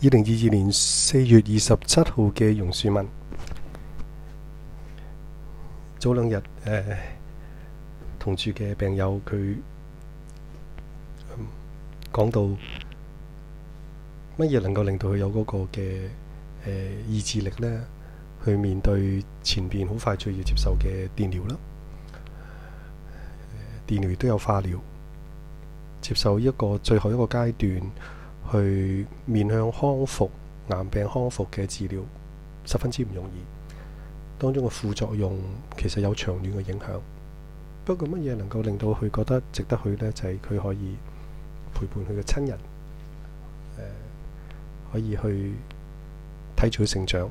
二零二二年四月二十七號嘅榕樹文，早兩日誒、呃、同住嘅病友佢、嗯、講到乜嘢能夠令到佢有嗰個嘅誒、呃、意志力呢？去面對前邊好快就要接受嘅電療啦、呃，電療亦都有化療，接受一個最後一個階段。去面向康復癌病康復嘅治療十分之唔容易，當中嘅副作用其實有長遠嘅影響。不過乜嘢能夠令到佢覺得值得去呢？就係、是、佢可以陪伴佢嘅親人、呃，可以去睇住佢成長。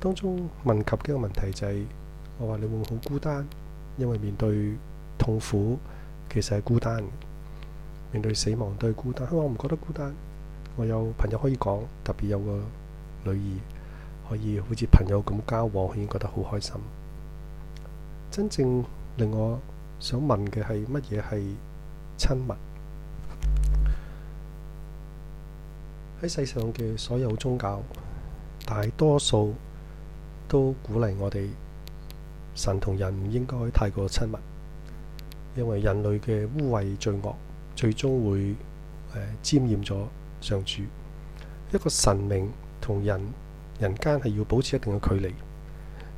當中問及嘅個問題就係、是：我話你會唔會好孤單，因為面對痛苦其實係孤單。面對死亡，都係孤單，我唔覺得孤單。我有朋友可以講，特別有個女兒可以好似朋友咁交往，已經覺得好開心。真正令我想問嘅係乜嘢係親密？喺世上嘅所有宗教，大多數都鼓勵我哋神同人唔應該太過親密，因為人類嘅污穢罪惡。最終會，呃，沾染咗上主。一個神明同人人間係要保持一定嘅距離，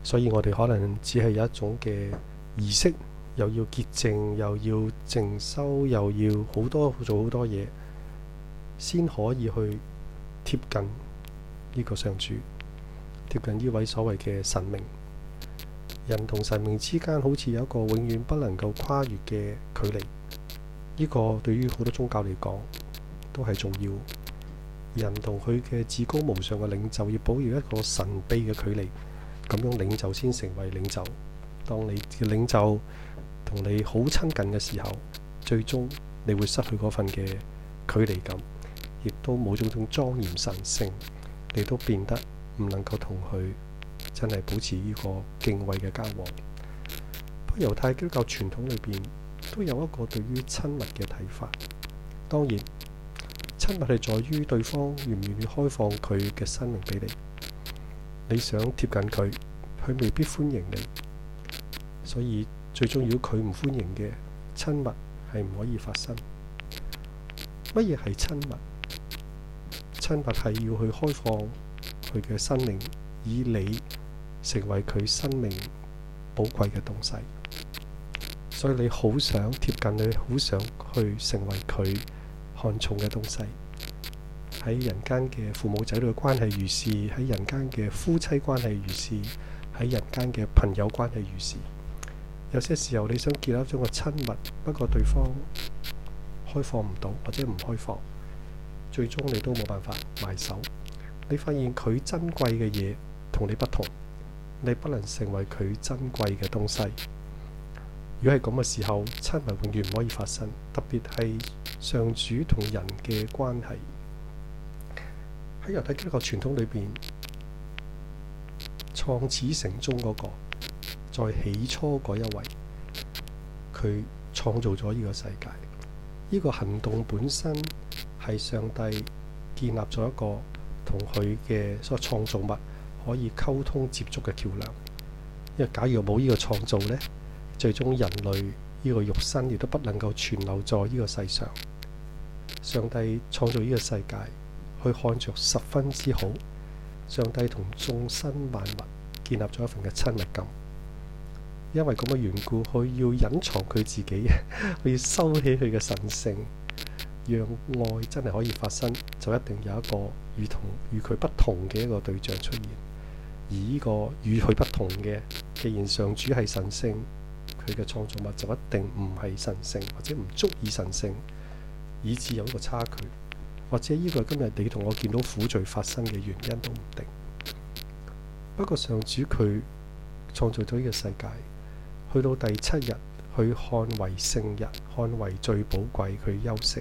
所以我哋可能只係有一種嘅儀式，又要潔淨，又要淨修，又要好多做好多嘢，先可以去貼近呢個上主，貼近呢位所謂嘅神明。人同神明之間好似有一個永遠不能夠跨越嘅距離。呢個對於好多宗教嚟講都係重要。人同佢嘅至高無上嘅領袖要保持一個神秘嘅距離，咁樣領袖先成為領袖。當你嘅領袖同你好親近嘅時候，最終你會失去嗰份嘅距離感，亦都冇種種莊嚴神聖，你都變得唔能夠同佢真係保持呢個敬畏嘅交往。喺猶太基督教傳統裏邊，都有一個對於親密嘅睇法。當然，親密係在於對方願唔願意開放佢嘅生命俾你。你想貼近佢，佢未必歡迎你。所以最重要，佢唔歡迎嘅親密係唔可以發生。乜嘢係親密？親密係要去開放佢嘅生命，以你成為佢生命寶貴嘅東西。所以你好想貼近，你好想去成為佢看重嘅東西。喺人間嘅父母仔女關係如是，喺人間嘅夫妻關係如是，喺人間嘅朋友關係如是。有些時候你想建立一個親密，不過對方開放唔到或者唔開放，最終你都冇辦法埋手。你發現佢珍貴嘅嘢同你不同，你不能成為佢珍貴嘅東西。如果係咁嘅時候，親密永遠唔可以發生，特別係上主同人嘅關係。喺猶太基督教傳統裏邊，創始成終嗰、那個，在起初嗰一位，佢創造咗呢個世界。呢、這個行動本身係上帝建立咗一個同佢嘅所創造物可以溝通接觸嘅橋梁。因為假如冇呢個創造呢。最終人類呢個肉身亦都不能夠存留在呢個世上。上帝創造呢個世界，佢看着十分之好。上帝同眾生萬物建立咗一份嘅親密感，因為咁嘅緣故，佢要隱藏佢自己，佢 要收起佢嘅神性，讓愛真係可以發生，就一定有一個與同與佢不同嘅一個對象出現。而呢個與佢不同嘅，既然上主係神性，佢嘅創造物就一定唔係神聖，或者唔足以神聖，以致有一個差距，或者呢個今日你同我見到苦罪發生嘅原因都唔定。不過上主佢創造咗呢個世界，去到第七日，佢捍衞聖日，捍衞最寶貴，佢休息。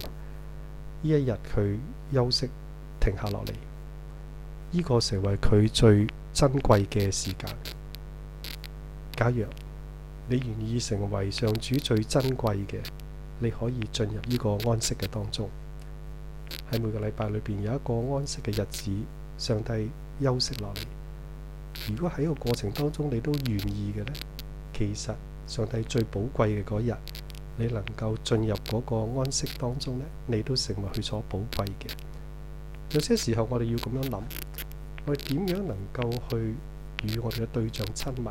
呢一日佢休息，停下落嚟，呢、這個成為佢最珍貴嘅時間。假如你願意成為上主最珍貴嘅，你可以進入呢個安息嘅當中。喺每個禮拜裏邊有一個安息嘅日子，上帝休息落嚟。如果喺個過程當中你都願意嘅呢，其實上帝最寶貴嘅嗰日，你能夠進入嗰個安息當中呢，你都成為佢所寶貴嘅。有些時候我哋要咁樣諗，我哋點樣能夠去與我哋嘅對象親密？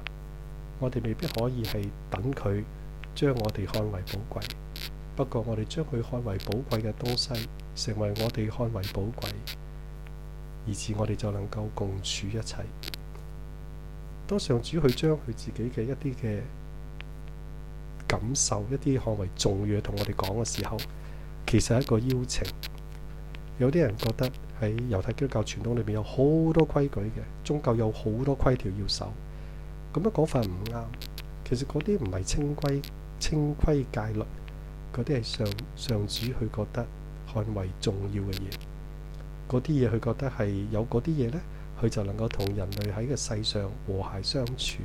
我哋未必可以係等佢將我哋看為寶貴。不過，我哋將佢看為寶貴嘅東西，成為我哋看為寶貴，以至我哋就能夠共處一切。當上主去將佢自己嘅一啲嘅感受，一啲看為重要嘅同我哋講嘅時候，其實，係一個邀請。有啲人覺得喺猶太基督教傳統裏面有好多規矩嘅，宗教有好多規條要守。咁樣講法唔啱，其實嗰啲唔係清規清規戒律，嗰啲係上上主佢覺得看為重要嘅嘢，嗰啲嘢佢覺得係有嗰啲嘢咧，佢就能夠同人類喺個世上和諧相處。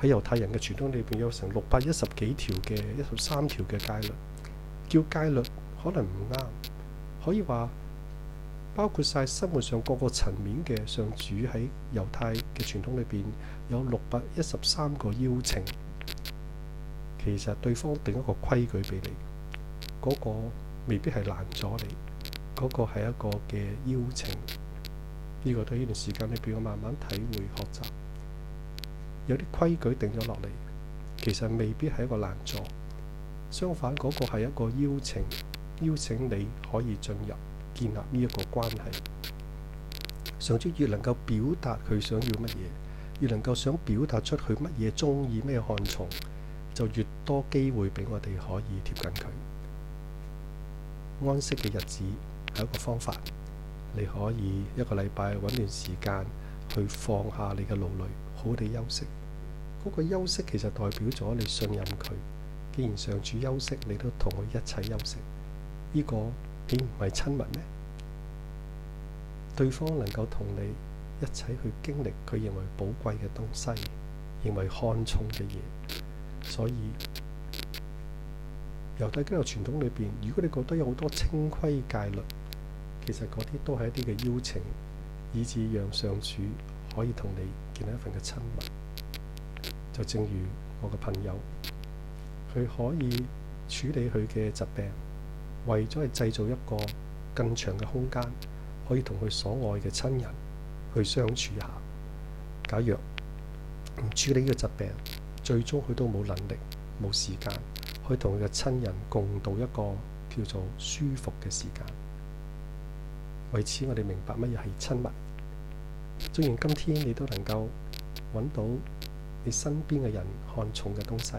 喺猶太人嘅傳統裏邊有成六百一十幾條嘅一十三條嘅戒律，叫戒律可能唔啱，可以話。包括晒生活上各個層面嘅，上主喺猶太嘅傳統裏邊有六百一十三個邀請。其實對方定一個規矩俾你，嗰個未必係難阻你，嗰個係一個嘅邀請。呢個對呢段時間裏邊，我慢慢體會學習有啲規矩定咗落嚟，其實未必係一個難阻。相反，嗰個係一個邀請，邀請你可以進入。建立呢一個關係，上主越能夠表達佢想要乜嘢，越能夠想表達出佢乜嘢中意咩看重，就越多機會俾我哋可以貼近佢。安息嘅日子係一個方法，你可以一個禮拜揾段時間去放下你嘅勞累，好地休息。嗰個休息其實代表咗你信任佢。既然上主休息，你都同佢一齊休息，呢個豈唔係親密咩？對方能夠同你一齊去經歷佢認為寶貴嘅東西，認為看重嘅嘢，所以猶太經學傳統裏邊，如果你覺得有好多清規戒律，其實嗰啲都係一啲嘅邀請，以致讓上主可以同你建立一份嘅親密。就正如我嘅朋友，佢可以處理佢嘅疾病，為咗係製造一個更長嘅空間。可以同佢所愛嘅親人去相處下。假若唔處理呢個疾病，最終佢都冇能力、冇時間去同佢嘅親人共度一個叫做舒服嘅時間。為此，我哋明白乜嘢係親密。雖然今天你都能夠揾到你身邊嘅人看重嘅東西，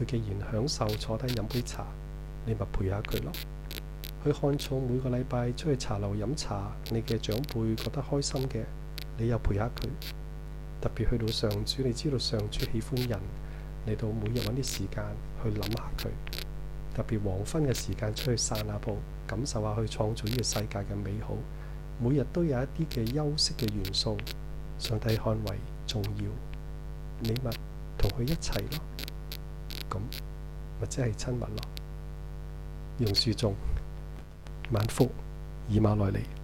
佢既然享受坐低飲杯茶，你咪陪下佢咯。去看草每個禮拜出去茶樓飲茶。你嘅長輩覺得開心嘅，你又陪下佢。特別去到上主，你知道上主喜歡人，嚟到每日揾啲時間去諗下佢。特別黃昏嘅時間出去散下步，感受下佢創造呢個世界嘅美好。每日都有一啲嘅休息嘅元素，上帝看為重要，你咪同佢一齊咯，咁或者係親密咯。榕樹種。萬福以馬來內利。